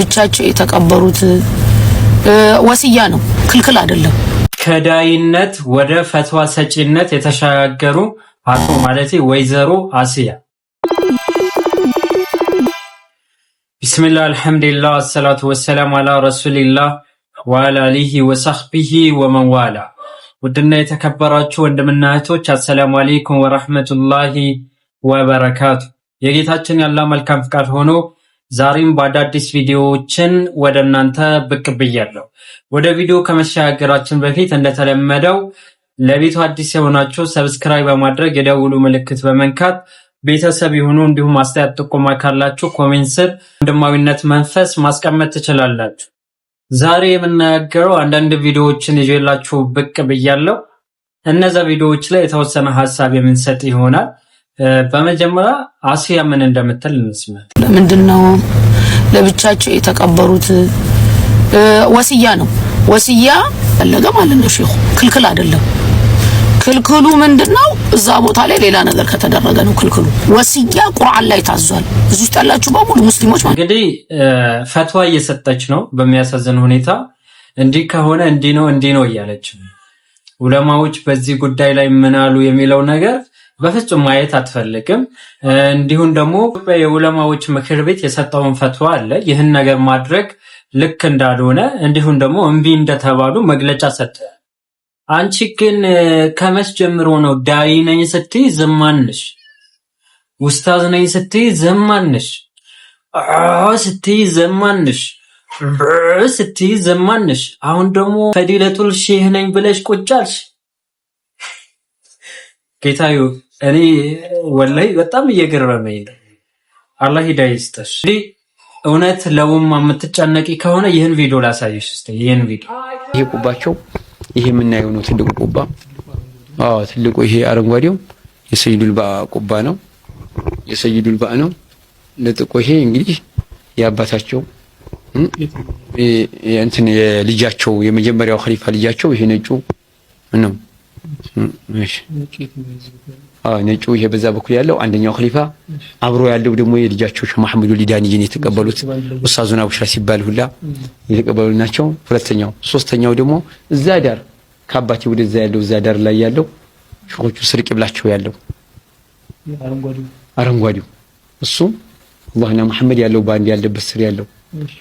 ብቻቸው የተቀበሩት ወስያ ነው፣ ክልክል አይደለም። ከዳይነት ወደ ፈትዋ ሰጪነት የተሻገሩ አቶ ማለቴ ወይዘሮ አስያ ቢስሚላህ አልሐምዱሊላህ አሰላቱ ወሰላም አላ ረሱሊላህ ወአላ አሊሂ ወሰህቢሂ ወመንዋላ። ውድና የተከበራችሁ ወንድምና እህቶች አሰላሙ አሌይኩም ወራህመቱላሂ ወበረካቱ። የጌታችን ያላ መልካም ፍቃድ ሆኖ ዛሬም በአዳዲስ ቪዲዮዎችን ወደ እናንተ ብቅ ብያለሁ። ወደ ቪዲዮ ከመሸጋገራችን በፊት እንደተለመደው ለቤቱ አዲስ የሆናችሁ ሰብስክራይብ በማድረግ የደውሉ ምልክት በመንካት ቤተሰብ የሆኑ እንዲሁም አስተያየት ጥቆማ ካላችሁ ኮሜንት ስር ወንድማዊነት መንፈስ ማስቀመጥ ትችላላችሁ። ዛሬ የምናገረው አንዳንድ ቪዲዮዎችን ይዤላችሁ ብቅ ብያለሁ። እነዚያ ቪዲዮዎች ላይ የተወሰነ ሀሳብ የምንሰጥ ይሆናል። በመጀመሪያ አሲያ ምን እንደምትል እንስማ። ምንድን ነው ለብቻቸው የተቀበሩት? ወስያ ነው። ወስያ ፈለገ ማለት ነው። ሼኹ ክልክል አይደለም። ክልክሉ ምንድነው እዛ ቦታ ላይ ሌላ ነገር ከተደረገ ነው ክልክሉ። ወስያ ቁርአን ላይ ታዟል። እዚህ ውስጥ ያላችሁ በሙሉ ሙስሊሞች ማለት እንግዲህ ፈትዋ እየሰጠች ነው። በሚያሳዝን ሁኔታ እንዲህ ከሆነ እንዲህ ነው እንዲህ ነው እያለች ዑለማዎች በዚህ ጉዳይ ላይ ምን አሉ የሚለው ነገር በፍጹም ማየት አትፈልግም። እንዲሁም ደግሞ የዑለማዎች ምክር ቤት የሰጠውን ፈትዋ አለ። ይህን ነገር ማድረግ ልክ እንዳልሆነ እንዲሁም ደግሞ እምቢ እንደተባሉ መግለጫ ሰጠ። አንቺ ግን ከመች ጀምሮ ነው ዳይ ነኝ ስትይ ዝማንሽ ውስታዝ ነኝ ስትይ ዝማንሽ ስትይ ዝም ስትይ አሁን ደግሞ ፈዲለቱል ሼህ ነኝ ብለሽ ቁጫልሽ ጌታዬ እኔ ወላይ በጣም እየገረመኝ ነው። አላህ ሂዳያ ይስጠሽ። እንግዲህ እውነት ለውማ የምትጨነቂ ከሆነ ይህን ቪዲዮ ላሳየሽ ስ ይህን ቪዲዮ ይሄ ቁባቸው ይሄ የምናየው ነው ትልቁ ቁባ። ትልቁ ይሄ አረንጓዴው የሰይዱል ባእ ቁባ ነው። የሰይዱል ባእ ነው። ለጥቆ ይሄ እንግዲህ የአባታቸው እንትን የልጃቸው የመጀመሪያው ኸሊፋ ልጃቸው ይሄ ነጩ ነው። እሺ ነጩ ይሄ በዛ በኩል ያለው አንደኛው ኸሊፋ አብሮ ያለው ደግሞ የልጃቸው ሸህ መሐመዱ ሊዳንይን የተቀበሉት ኡስታዙን አቡሻ ሲባል ሁላ የተቀበሉ ናቸው። ሁለተኛው ሶስተኛው ደግሞ እዛ ዳር ከአባቴ ወደዛ ያለው እዛ ዳር ላይ ያለው ሸኾቹ ስር ብላቸው ያለው አረንጓዴው እሱም አላህና መሐመድ ያለው ባንድ ያለበት ስር ያለው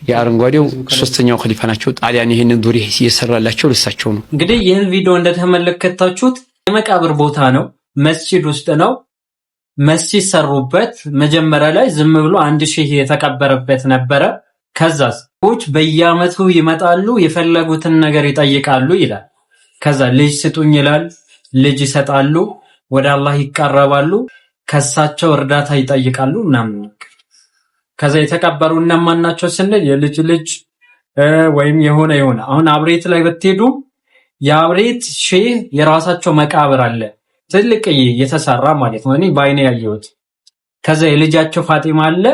የአረንጓዴው ሶስተኛው ኸሊፋ ናቸው። ጣሊያን ይህንን ዱሪ የሰራላቸው ልሳቸው ነው። እንግዲህ ይህን ቪዲዮ እንደተመለከታችሁት የመቃብር ቦታ ነው። መስጂድ ውስጥ ነው። መስጂድ ሰሩበት። መጀመሪያ ላይ ዝም ብሎ አንድ ሺህ የተቀበረበት ነበረ። ከዛስ ሰዎች በየአመቱ ይመጣሉ፣ የፈለጉትን ነገር ይጠይቃሉ ይላል። ከዛ ልጅ ስጡኝ ይላል። ልጅ ይሰጣሉ፣ ወደ አላህ ይቀረባሉ፣ ከሳቸው እርዳታ ይጠይቃሉ። ምናምን ከዛ የተቀበሩ እነማን ናቸው ስንል የልጅ ልጅ ወይም የሆነ የሆነ አሁን አብሬት ላይ ብትሄዱ የአብሬት ሼህ የራሳቸው መቃብር አለ። ትልቅ የተሰራ ማለት ነው። እኔ በአይኔ ያየሁት። ከዛ የልጃቸው ፋጢማ አለ።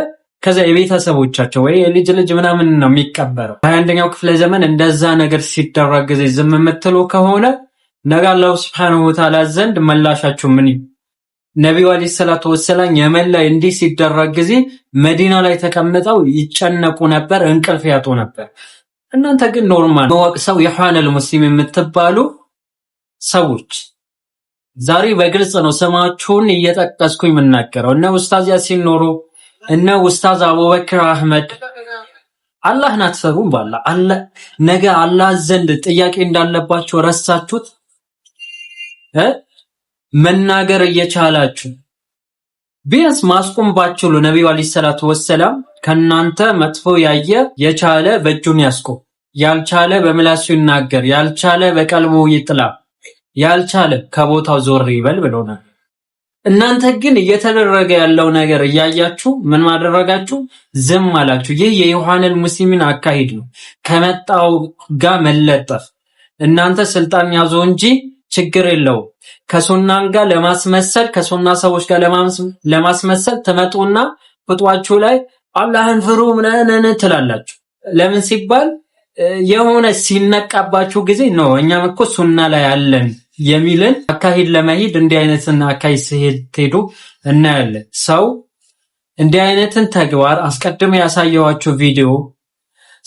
ከዛ የቤተሰቦቻቸው ወይ የልጅ ልጅ ምናምን ነው የሚቀበረው። በሃያ አንደኛው ክፍለ ዘመን እንደዛ ነገር ሲደረግ ጊዜ ዝም የምትሉ ከሆነ ነገ አላሁ ስብሐነሁ ወተዓላ ዘንድ መላሻችሁ ምን? ነቢዩ ዓለይሂ ሰላቱ ወሰላም የመላ ላይ እንዲህ ሲደረግ ጊዜ መዲና ላይ ተቀምጠው ይጨነቁ ነበር፣ እንቅልፍ ያጡ ነበር። እናንተ ግን ኖርማል መወቅ ሰው የኋነል ሙስሊም የምትባሉ ሰዎች ዛሬ በግልጽ ነው ስማችሁን እየጠቀስኩ የምናገረው። እነ ኡስታዝ ያሲን ኖሮ እነ ኡስታዝ አቡበክር አህመድ አላህን አትፈሩም? ባላ ነገ አላህ ዘንድ ጥያቄ እንዳለባቸው ረሳችሁት? መናገር እየቻላችሁ ቢያንስ ማስቆም ባችሉ ነቢዩ አለይሂ ሰላቱ ወሰላም ከናንተ መጥፎ ያየ የቻለ በእጁን ያስቆም፣ ያልቻለ በምላሱ ይናገር፣ ያልቻለ በቀልቡ ይጥላ። ያልቻለ ከቦታው ዞር ይበል ብሎናል። እናንተ ግን እየተደረገ ያለው ነገር እያያችሁ ምን ማደረጋችሁ? ዝም አላችሁ። ይህ የዮሐንል ሙስሊምን አካሄድ ነው፣ ከመጣው ጋር መለጠፍ። እናንተ ስልጣን ያዙ እንጂ ችግር የለውም። ከሱናን ጋር ለማስመሰል ከሱና ሰዎች ጋር ለማስመሰል ትመጡና ፍጧችሁ ላይ አላህን ፍሩ ምናምን ትላላችሁ። ለምን ሲባል የሆነ ሲነቃባችሁ ጊዜ ነው እኛም እኮ ሱና ላይ አለን የሚልን አካሄድ ለመሄድ እንዲህ አይነትን አካሄድ ስትሄዱ እናያለን። ሰው እንዲህ አይነትን ተግባር አስቀድሞ ያሳየዋቸው ቪዲዮ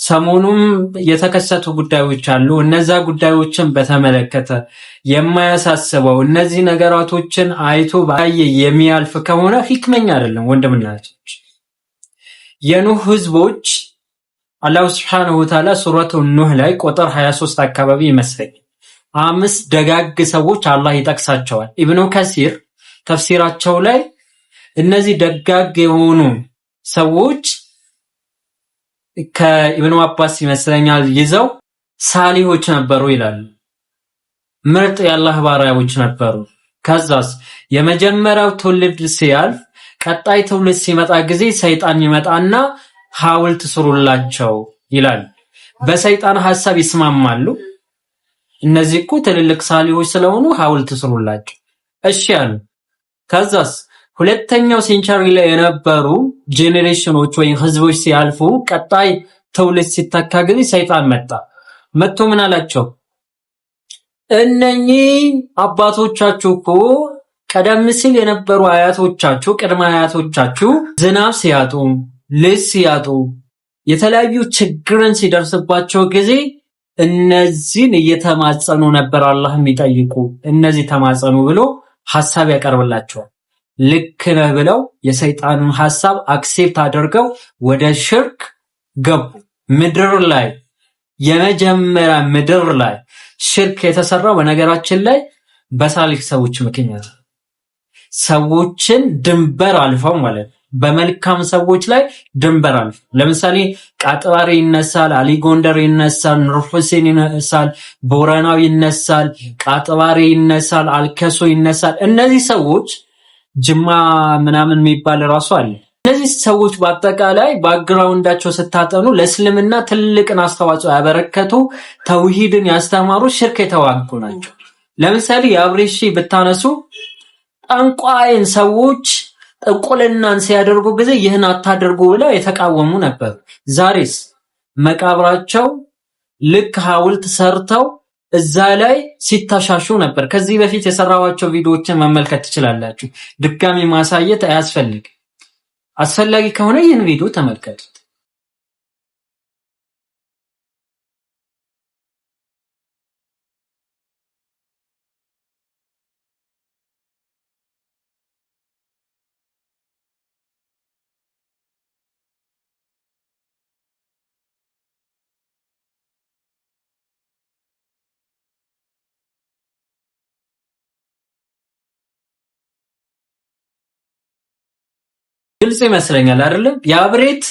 ሰሞኑም የተከሰቱ ጉዳዮች አሉ። እነዛ ጉዳዮችን በተመለከተ የማያሳስበው እነዚህ ነገራቶችን አይቶ ባየ የሚያልፍ ከሆነ ሂክመኛ አይደለም ወንድምናቶች የኑህ ህዝቦች አላሁ ስብሓነሁ ወተዓላ ሱረቱ ኑህ ላይ ቁጥር 23 አካባቢ ይመስለኛል አምስት ደጋግ ሰዎች አላህ ይጠቅሳቸዋል። ኢብኑ ከሲር ተፍሲራቸው ላይ እነዚህ ደጋግ የሆኑ ሰዎች ከኢብኑ አባስ ይመስለኛል ይዘው ሳሊሆች ነበሩ ይላሉ። ምርጥ የአላህ ባሪያዎች ነበሩ። ከዛስ የመጀመሪያው ትውልድ ሲያልፍ ቀጣይ ትውልድ ሲመጣ ጊዜ ሰይጣን ይመጣና ሐውልት ስሩላቸው ይላል። በሰይጣን ሐሳብ ይስማማሉ። እነዚህ እኮ ትልልቅ ሳሊዎች ስለሆኑ ሐውልት ስሩላቸው እሺ አሉ። ከዛስ ሁለተኛው ሴንቸሪ ላይ የነበሩ ጄኔሬሽኖች ወይም ህዝቦች ሲያልፉ ቀጣይ ትውልድ ሲተካ ጊዜ ሰይጣን መጣ። መጥቶ ምን አላቸው? እነኚህ አባቶቻችሁ እኮ ቀደም ሲል የነበሩ አያቶቻችሁ፣ ቅድመ አያቶቻችሁ ዝናብ ሲያጡ ልስ ሲያጡ የተለያዩ ችግርን ሲደርስባቸው ጊዜ እነዚህን እየተማጸኑ ነበር አላህ የሚጠይቁ እነዚህ ተማጸኑ ብሎ ሐሳብ ያቀርብላቸዋል። ልክ ነህ ብለው የሰይጣንን ሐሳብ አክሴፕት አድርገው ወደ ሽርክ ገቡ። ምድር ላይ የመጀመሪያ ምድር ላይ ሽርክ የተሰራው በነገራችን ላይ በሳሊክ ሰዎች ምክንያት ሰዎችን ድንበር አልፈው ማለት ነው። በመልካም ሰዎች ላይ ድንበር አለ። ለምሳሌ ቃጥባሬ ይነሳል፣ አሊ ጎንደር ይነሳል፣ ኑር ሁሴን ይነሳል፣ ቦረናው ይነሳል፣ ቃጥባሬ ይነሳል፣ አልከሶ ይነሳል። እነዚህ ሰዎች ጅማ ምናምን የሚባል ራሱ አለ። እነዚህ ሰዎች በአጠቃላይ ባክግራውንዳቸው ስታጠኑ ለእስልምና ትልቅን አስተዋጽኦ ያበረከቱ ተውሂድን ያስተማሩ ሽርክ የተዋጉ ናቸው። ለምሳሌ የአብሬሺ ብታነሱ ጠንቋይን ሰዎች ጥንቁልናን ሲያደርጉ ጊዜ ይህን አታደርጉ ብለው የተቃወሙ ነበር። ዛሬስ መቃብራቸው ልክ ሐውልት ሰርተው እዛ ላይ ሲታሻሹ ነበር። ከዚህ በፊት የሰራኋቸው ቪዲዮዎችን መመልከት ትችላላችሁ። ድጋሚ ማሳየት አያስፈልግ። አስፈላጊ ከሆነ ይህን ቪዲዮ ተመልከቱት። ግልጽ ይመስለኛል አይደለም? የአብሬት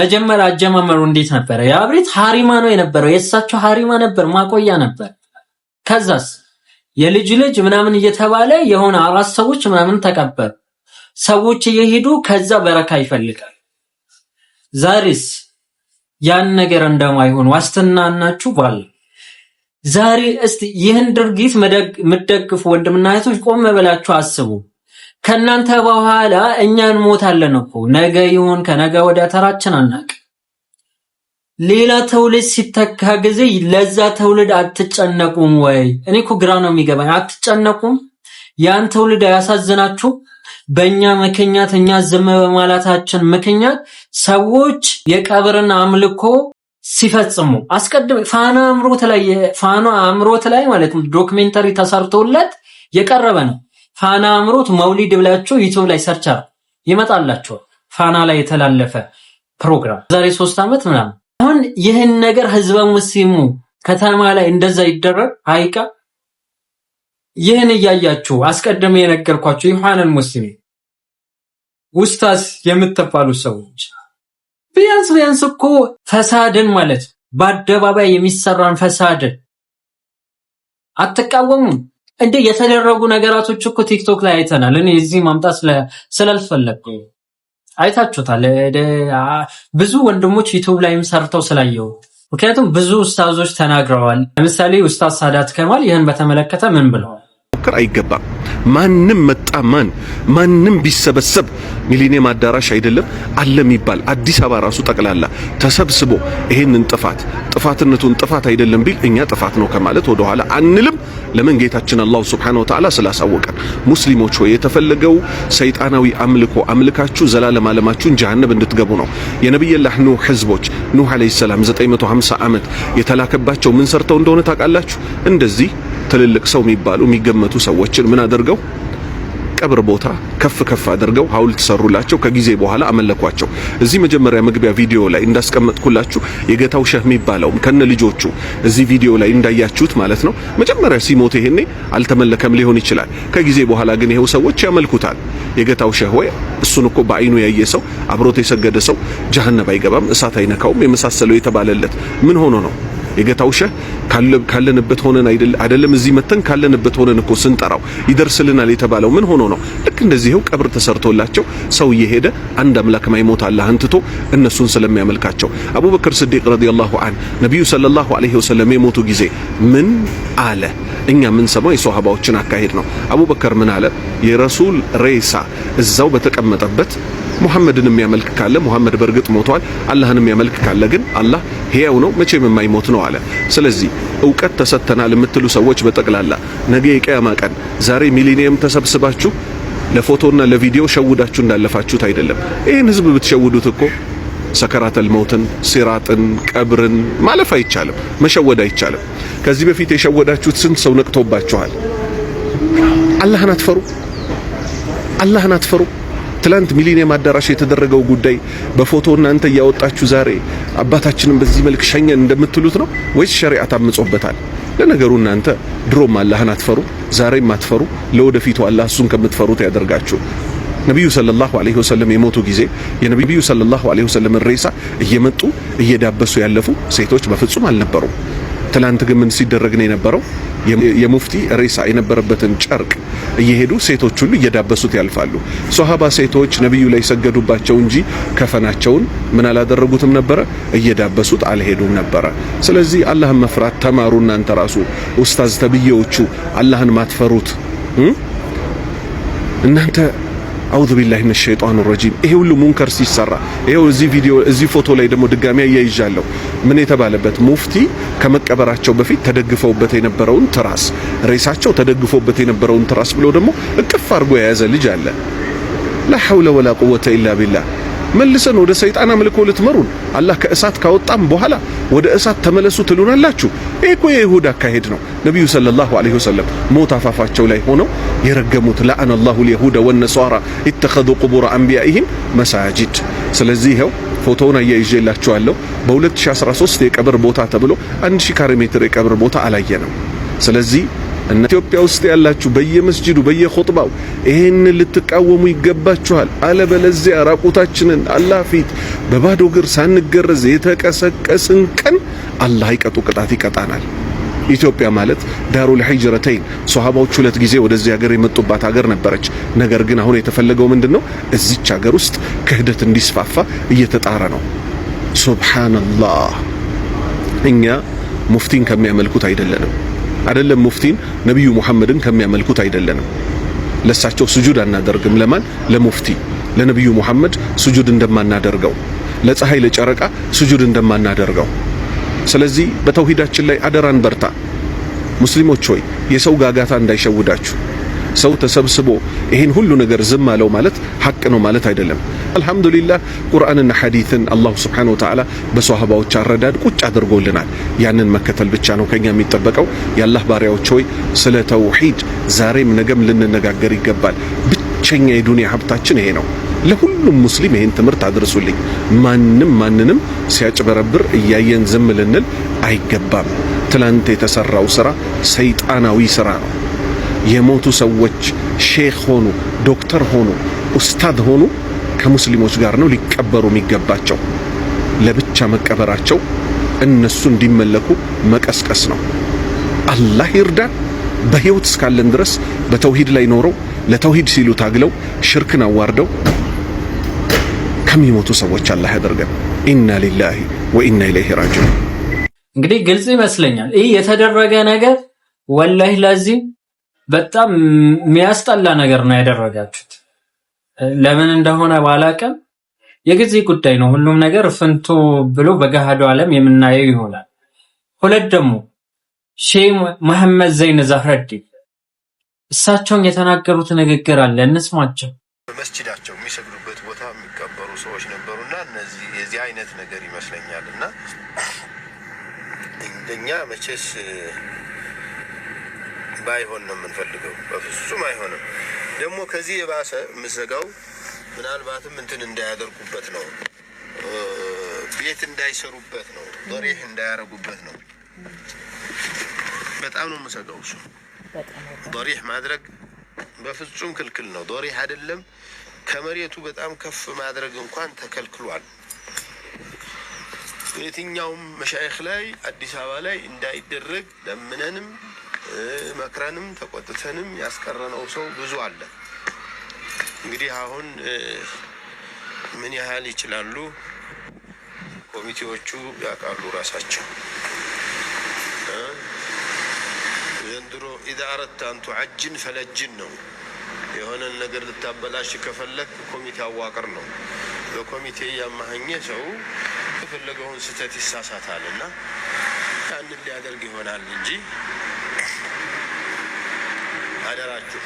መጀመሪያ አጀማመሩ እንዴት ነበረ? የአብሬት ሀሪማ ነው የነበረው፣ የእሳቸው ሀሪማ ነበር፣ ማቆያ ነበር። ከዛስ የልጅ ልጅ ምናምን እየተባለ የሆነ አራት ሰዎች ምናምን ተቀበሉ። ሰዎች እየሄዱ ከዛ በረካ ይፈልጋል። ዛሬስ ያን ነገር እንደማይሆን ዋስትና ናችሁ ባል ዛሬ እስቲ ይህን ድርጊት የምትደግፉ ወንድምና እህቶች ቆም ብላችሁ አስቡ። ከእናንተ በኋላ እኛ እንሞታለን እኮ ነገ ይሁን ከነገ ወዲያ ተራችን አናቅ። ሌላ ትውልድ ሲተካ ጊዜ ለዛ ትውልድ አትጨነቁም ወይ? እኔ እኮ ግራ ነው የሚገባኝ። አትጨነቁም? ያን ትውልድ አያሳዝናችሁ? በእኛ ምክንያት እኛ ዝም በማላታችን ምክንያት ሰዎች የቀብርን አምልኮ ሲፈጽሙ አስቀድሞ ፋና አምሮት ላይ ፋና አምሮት ላይ ማለት ዶክሜንተሪ ተሰርቶለት የቀረበ ነው። ፋና አምሮት መውሊድ ብላችሁ ዩቲዩብ ላይ ሰርች ይመጣላችኋል። ፋና ላይ የተላለፈ ፕሮግራም ዛሬ ሶስት ዓመት ምናምን። አሁን ይህን ነገር ህዝበ ሙስሊሙ ከተማ ላይ እንደዛ ይደረግ አይቃ ይህን እያያችሁ አስቀድሜ የነገርኳችሁ ኢኽዋነል ሙስሊሚን ውስታዝ የምትባሉ ሰዎች ቢያንስ ቢያንስ እኮ ፈሳድን ማለት በአደባባይ የሚሰራን ፈሳድን አትቃወሙም? እንደ የተደረጉ ነገራቶች እኮ ቲክቶክ ላይ አይተናል። እኔ እዚህ ማምጣት ስላልፈለግኩ አይታችሁታል። ብዙ ወንድሞች ዩቱብ ላይም ሰርተው ስላየው ምክንያቱም ብዙ ኡስታዞች ተናግረዋል። ለምሳሌ ኡስታዝ ሳዳት ከማል ይህን በተመለከተ ምን ብለዋል? አይገባም ማንም መጣ ማን ማንም ቢሰበሰብ ሚሊኒየም አዳራሽ አይደለም አለ የሚባል አዲስ አበባ ራሱ ጠቅላላ ተሰብስቦ ይሄንን ጥፋት ጥፋትነቱን ጥፋት አይደለም ቢል እኛ ጥፋት ነው ከማለት ወደ ኋላ አንልም። ለምን ጌታችን አላሁ ሱብሓነሁ ወተዓላ ስላሳወቀን። ሙስሊሞች ሆይ የተፈለገው ሰይጣናዊ አምልኮ አምልካችሁ ዘላለም ዓለማችሁን ጀሃነብ እንድትገቡ ነው። የነብዩላህ ኑህ ህዝቦች ኑህ አለይሂ ሰላም 950 ዓመት የተላከባቸው ምን ሰርተው እንደሆነ ታውቃላችሁ? እንደዚህ ትልልቅ ሰው የሚባሉ የሚገመቱ ሰዎችን ምን አድርገው ቀብር ቦታ ከፍ ከፍ አድርገው ሐውልት ሰሩላቸው። ከጊዜ በኋላ አመለኳቸው። እዚህ መጀመሪያ መግቢያ ቪዲዮ ላይ እንዳስቀመጥኩላችሁ የጌታው ሸህ የሚባለውም ከነ ልጆቹ እዚህ ቪዲዮ ላይ እንዳያችሁት ማለት ነው። መጀመሪያ ሲሞት ይሄኔ አልተመለከም ሊሆን ይችላል። ከጊዜ በኋላ ግን ይሄው ሰዎች ያመልኩታል። የጌታው ሸህ ወይ እሱን እኮ በአይኑ ያየ ሰው አብሮት የሰገደ ሰው ጀሀነም አይገባም፣ እሳት አይነካውም የመሳሰለው የተባለለት ምን ሆኖ ነው? የገታ ሸህ ካለንበት ሆነን አይደለም እዚህ መተን ካለንበት ሆነን እኮ ስንጠራው ይደርስልናል የተባለው ምን ሆኖ ነው? ልክ እንደዚህው ቀብር ተሰርቶላቸው ሰው እየሄደ አንድ አምላክ ማይሞት አላህ እንትቶ እነሱን ስለሚያመልካቸው አቡበክር ስዲቅ ረዲየላሁ ዐን ነቢዩ ሰለላሁ ዐለይሂ ወሰለም የሞቱ ጊዜ ምን አለ? እኛ ምን ሰማው? የሶሃባዎችን አካሄድ ነው። አቡበክር ምን አለ? የረሱል ሬሳ እዛው በተቀመጠበት ሙሐመድን የሚያመልክ ካለ ሙሐመድ በእርግጥ ሞቷል። አላህን የሚያመልክ ካለ ግን አላህ ሕያው ነው፣ መቼም የማይሞት ነው አለ። ስለዚህ እውቀት ተሰጥተናል የምትሉ ሰዎች በጠቅላላ ነገ የቂያማ ቀን ዛሬ ሚሊኒየም ተሰብስባችሁ ለፎቶና ለቪዲዮ ሸውዳችሁ እንዳለፋችሁት አይደለም። ይህን ህዝብ ብትሸውዱት እኮ ሰከራተል መውትን፣ ሲራጥን፣ ቀብርን ማለፍ አይቻልም፣ መሸወድ አይቻልም። ከዚህ በፊት የሸወዳችሁት ስንት ሰው ነቅቶባችኋል። አላህን አትፈሩ፣ አላህን አትፈሩ። ትላንት ሚሊኒየም አዳራሽ የተደረገው ጉዳይ በፎቶ እናንተ እያወጣችሁ ዛሬ አባታችንን በዚህ መልክ ሸኘን እንደምትሉት ነው ወይስ ሸሪዓ ታምጾበታል? ለነገሩ እናንተ ድሮም አላህን አትፈሩ፣ ዛሬም አትፈሩ። ለወደፊቱ አላህ እሱን ከምትፈሩት ያደርጋችሁ። ነቢዩ ሰለላሁ ዐለይሂ ወሰለም የሞቱ ጊዜ የነቢዩ ሰለላሁ ዐለይሂ ወሰለምን ሬሳ እየመጡ እየዳበሱ ያለፉ ሴቶች በፍጹም አልነበሩም። ትላንት ግን ምን ሲደረግ ነው የነበረው? የሙፍቲ ሬሳ የነበረበትን ጨርቅ እየሄዱ ሴቶች ሁሉ እየዳበሱት ያልፋሉ። ሶሃባ ሴቶች ነቢዩ ላይ ሰገዱባቸው እንጂ ከፈናቸውን ምን አላደረጉትም ነበረ፣ እየዳበሱት አልሄዱም ነበረ። ስለዚህ አላህን መፍራት ተማሩ። እናንተ ራሱ ኡስታዝ ተብዬዎቹ አላህን ማትፈሩት እናንተ አውዙ ቢላሂ ሚነ ሸይጣን ረጂም። ይሄ ሁሉ ሙንከር ሲሰራ ይሄው እዚህ ቪዲዮ እዚህ ፎቶ ላይ ደግሞ ድጋሚ አያይዣለሁ። ምን የተባለበት ሙፍቲ ከመቀበራቸው በፊት ተደግፈውበት የነበረውን ትራስ ሬሳቸው ተደግፎበት የነበረውን ትራስ ብሎ ደግሞ እቅፍ አድርጎ የያዘ ልጅ አለ። ላ ሐውለ ወላ ቁወተ ኢላ ቢላህ መልሰን ወደ ሰይጣን አምልኮ ልትመሩን አላህ ከእሳት ካወጣም በኋላ ወደ እሳት ተመለሱ ትሉናላችሁ። ይህ እኮ የይሁዳ አካሄድ ነው። ነቢዩ ሰለላሁ ዐለይሂ ወሰለም ሞት አፋፋቸው ላይ ሆነው የረገሙት ለአነ ላሁ ልየሁደ ወነሷራ ኢተኸዙ ቁቡረ አንቢያኢሂም መሳጅድ። ስለዚህ ይኸው ፎቶውን አያይዤላችኋለሁ። በ2013 የቀብር ቦታ ተብሎ አንድ ሺህ ካሬ ሜትር የቀብር ቦታ አላየንም። ስለዚህ እና ኢትዮጵያ ውስጥ ያላችሁ በየመስጂዱ በየኹጥባው ይሄን ልትቃወሙ ይገባችኋል። አለበለዚያ ራቁታችንን አላህ ፊት በባዶ እግር ሳንገረዝ የተቀሰቀስን ቀን አላህ ይቀጡ ቅጣት ይቀጣናል። ኢትዮጵያ ማለት ዳሩል ሂጅረተይን ሶሃባዎች ሁለት ጊዜ ወደዚህ ሀገር የመጡባት ሀገር ነበረች። ነገር ግን አሁን የተፈለገው ምንድነው? እዚች ሀገር ውስጥ ክህደት እንዲስፋፋ እየተጣረ ነው። ሱብሃንአላህ እኛ ሙፍቲን ከሚያመልኩት አይደለንም። አይደለም ሙፍቲን ነቢዩ ሙሐመድን ከሚያመልኩት አይደለንም። ለሳቸው ስጁድ አናደርግም። ለማን? ለሙፍቲ ለነቢዩ ሙሐመድ ስጁድ እንደማናደርገው፣ ለፀሐይ ለጨረቃ ስጁድ እንደማናደርገው። ስለዚህ በተውሂዳችን ላይ አደራን በርታ። ሙስሊሞች ሆይ የሰው ጋጋታ እንዳይሸውዳችሁ። ሰው ተሰብስቦ ይህን ሁሉ ነገር ዝም አለው ማለት ሐቅ ነው ማለት አይደለም። አልሐምዱሊላህ ቁርአንና ሐዲትን አላሁ ስብሓነሁ ወተዓላ በሰሃባዎች አረዳድ ቁጭ አድርጎልናል። ያንን መከተል ብቻ ነው ከኛ የሚጠበቀው። የአላህ ባሪያዎች ሆይ ስለ ተውሂድ ዛሬም ነገም ልንነጋገር ይገባል። ብቸኛ የዱንያ ሀብታችን ይሄ ነው። ለሁሉም ሙስሊም ይህን ትምህርት አድርሱልኝ። ማንም ማንንም ሲያጭበረብር እያየን ዝም ልንል አይገባም። ትላንት የተሰራው ስራ ሰይጣናዊ ስራ ነው። የሞቱ ሰዎች ሼክ ሆኑ፣ ዶክተር ሆኑ፣ ኡስታድ ሆኑ ከሙስሊሞች ጋር ነው ሊቀበሩ የሚገባቸው። ለብቻ መቀበራቸው እነሱ እንዲመለኩ መቀስቀስ ነው። አላህ ይርዳን። በህይወት እስካለን ድረስ በተውሂድ ላይ ኖረው ለተውሂድ ሲሉ ታግለው ሽርክን አዋርደው ከሚሞቱ ሰዎች አላህ ያደርገን። ኢና ሊላሂ ወኢና ኢለይሂ ራጂዑን። እንግዲህ ግልጽ ይመስለኛል ይህ የተደረገ ነገር ወላሂ ለዚህ በጣም የሚያስጠላ ነገር ነው ያደረጋችሁት። ለምን እንደሆነ ባላውቅም የጊዜ ጉዳይ ነው። ሁሉም ነገር ፍንቶ ብሎ በገሃዱ ዓለም የምናየው ይሆናል። ሁለት ደግሞ ሼህ መሐመድ ዘይን ዛህረዲ እሳቸውን የተናገሩት ንግግር አለ፣ እንስማቸው። በመስጅዳቸው የሚሰግዱበት ቦታ የሚቀበሩ ሰዎች ነበሩና እነዚህ የዚህ አይነት ነገር ይመስለኛል እና እንደኛ መቼስ ባይሆን ነው የምንፈልገው። በፍጹም አይሆንም። ደግሞ ከዚህ የባሰ የምዘጋው ምናልባትም እንትን እንዳያደርጉበት ነው፣ ቤት እንዳይሰሩበት ነው፣ በሬህ እንዳያደርጉበት ነው። በጣም ነው የምሰጋው። እሱ ዶሪህ ማድረግ በፍጹም ክልክል ነው። ዶሪህ አይደለም ከመሬቱ በጣም ከፍ ማድረግ እንኳን ተከልክሏል። የትኛውም መሻይክ ላይ አዲስ አበባ ላይ እንዳይደረግ ለምነንም መክረንም ተቆጥተንም ያስቀረነው ሰው ብዙ አለ። እንግዲህ አሁን ምን ያህል ይችላሉ ኮሚቴዎቹ ያውቃሉ ራሳቸው። ዘንድሮ ኢዛ አረድተ አንቱ አጅን ፈለጅን ነው። የሆነን ነገር ልታበላሽ ከፈለግ ኮሚቴ አዋቅር ነው። በኮሚቴ እያማኸኘ ሰው የፈለገውን ስህተት ይሳሳታል እና ያንን ሊያደርግ ይሆናል እንጂ አደራችሁ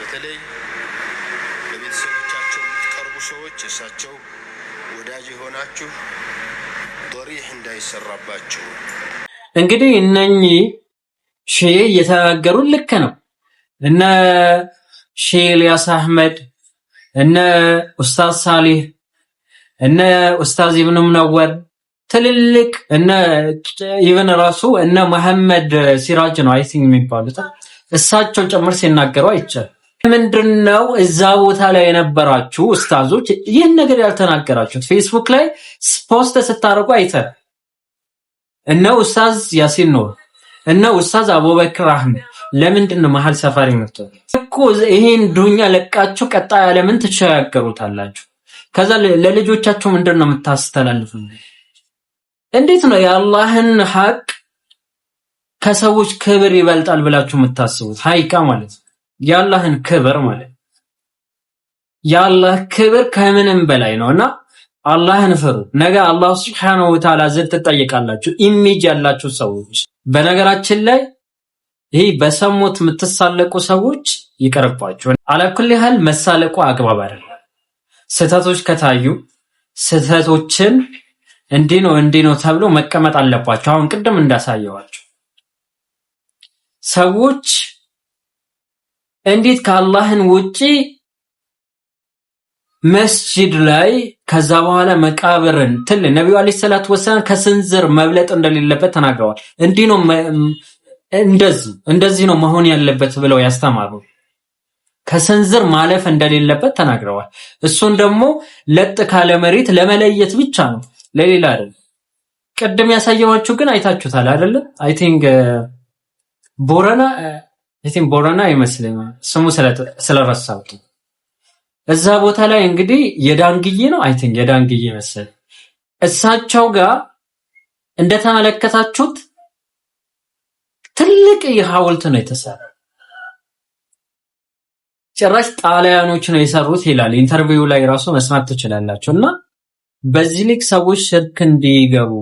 በተለይ ለቤተሰቦቻቸው የምትቀርቡ ሰዎች እሳቸው ወዳጅ የሆናችሁ ጦሪህ እንዳይሰራባችሁ። እንግዲህ እነኚህ ሼህ እየተናገሩን ልክ ነው። እነ ሼህ ኢልያስ አህመድ እነ ኡስታዝ ሳሊህ እነ ኡስታዝ ኢብኑ ሙነወር ትልልቅ እነ ኢብን ራሱ እነ መሐመድ ሲራጅ ነው አይ ቲንክ የሚባሉት እሳቸው ጭምር ሲናገሩ አይቻል። ምንድነው እዛ ቦታ ላይ የነበራችሁ ኡስታዞች ይህን ነገር ያልተናገራችሁት? ፌስቡክ ላይ ፖስት ስታደርጉ አይተን እነ ኡስታዝ ያሲን ኑር እነ ኡስታዝ አቡበክር አህመድ ለምንድን ነው መሀል ሰፋሪ መጥቶ እኮ ዱኛ ለቃችሁ ቀጣይ ዓለምን ትሻገሩታላችሁ። ከዛ ለልጆቻቸው ምንድን ነው የምታስተላልፉ? እንዴት ነው የአላህን ሀቅ ከሰዎች ክብር ይበልጣል ብላችሁ የምታስቡት? ሀይቃ ማለት ነው የአላህን ክብር ማለት የአላህ ክብር ከምንም በላይ ነው እና አላህን ፍሩ። ነገ አላህ ሱብሓነሁ ወተዓላ ዘንድ ትጠየቃላችሁ፣ ኢሜጅ ያላችሁ ሰዎች። በነገራችን ላይ ይህ በሰሞት የምትሳለቁ ሰዎች ይቀርባችሁ። አላኩል ያህል መሳለቁ አግባብ አይደለም። ስህተቶች ከታዩ ስህተቶችን እንዲህ ነው እንዲህ ነው ተብሎ መቀመጥ አለባቸው። አሁን ቅድም እንዳሳየዋቸው ሰዎች እንዴት ከአላህን ውጪ መስጂድ ላይ ከዛ በኋላ መቃብርን ትል ነቢዩ አለይሂ ሰላቱ ወሰላም ከስንዝር መብለጥ እንደሌለበት ተናግረዋል። እንዲህ ነው እንደዚህ እንደዚህ ነው መሆን ያለበት ብለው ያስተማሩ ከስንዝር ማለፍ እንደሌለበት ተናግረዋል። እሱን ደግሞ ለጥ ካለ መሬት ለመለየት ብቻ ነው፣ ለሌላ አይደለም። ቅድም ያሳየኋችሁ ግን አይታችሁታል አይደለ? አይ ቲንክ ቦረና አይ ቲንክ ቦረና ይመስለኛል ስሙ ስለረሳሁት እዛ ቦታ ላይ እንግዲህ የዳንግዬ ነው አይ ቲንክ የዳንግዬ መሰል እሳቸው ጋር እንደተመለከታችሁት ትልቅ የሐውልት ነው የተሰራ ጭራሽ ጣሊያኖች ነው የሰሩት ይላል። ኢንተርቪው ላይ ራሱ መስማት ትችላላችሁ። እና በዚህ ልክ ሰዎች ሽርክ እንዲገቡ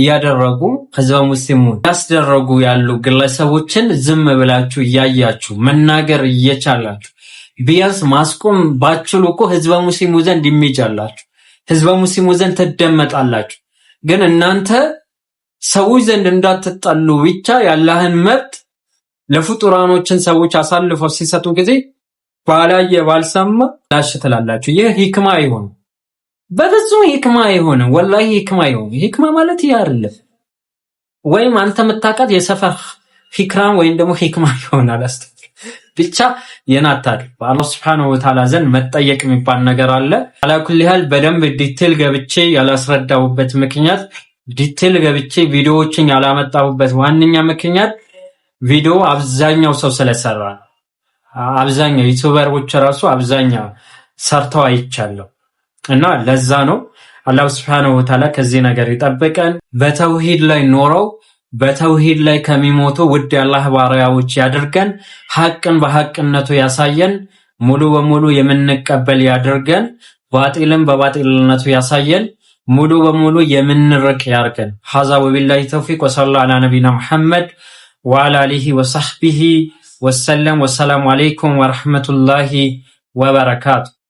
እያደረጉ ህዝበ ሙስሊሙን ያስደረጉ ያሉ ግለሰቦችን ዝም ብላችሁ እያያችሁ መናገር እየቻላችሁ ቢያንስ ማስቆም ባችሉ እኮ ህዝበ ሙስሊሙ ዘንድ ይሚጃላችሁ፣ ህዝበ ሙስሊሙ ዘንድ ትደመጣላችሁ። ግን እናንተ ሰዎች ዘንድ እንዳትጠሉ ብቻ ያላህን መብት ለፍጡራኖችን ሰዎች አሳልፈው ሲሰጡ ጊዜ ባላየ ባልሰማ ላሽ ትላላችሁ። ይህ ሂክማ ይሆን በፍጹም ሂክማ ይሆን ወላሂ ሂክማ ይሆን። ሂክማ ማለት ይህ አይደለም። ወይም አንተ የምታውቃት የሰፈር ሂክራም ወይም ደግሞ ሂክማ ይሆናል። አስተ ብቻ የናታል በአላህ ስብሐነሁ ወተዓላ ዘንድ መጠየቅ የሚባል ነገር አለ። አላኩል ያህል በደንብ ዲቴል ገብቼ ያላስረዳሁበት ምክንያት ዲቴል ገብቼ ቪዲዮዎችን ያላመጣሁበት ዋነኛ ምክንያት ቪዲዮ አብዛኛው ሰው ስለሰራ ነው። አብዛኛው ዩቱበሮች ራሱ አብዛኛው ሰርተው አይቻለሁ እና ለዛ ነው አላሁ ስብሐነሁ ወተዓላ ከዚህ ነገር ይጠብቀን። በተውሂድ ላይ ኖረው በተውሂድ ላይ ከሚሞቱ ውድ የአላህ ባሪያዎች ያድርገን። ሐቅን በሐቅነቱ ያሳየን። ሙሉ በሙሉ የምንቀበል ያድርገን። ባጢልን በባጢልነቱ ያሳየን። ሙሉ በሙሉ የምንርቅ ያርገን ሀዛ ወቢላሂ ተውፊቅ ወሰላ አላ ነቢና ሙሐመድ ወአላ አሊሂ ወሰሕቢሂ وسلم والسلام عليكم ورحمة الله وبركاته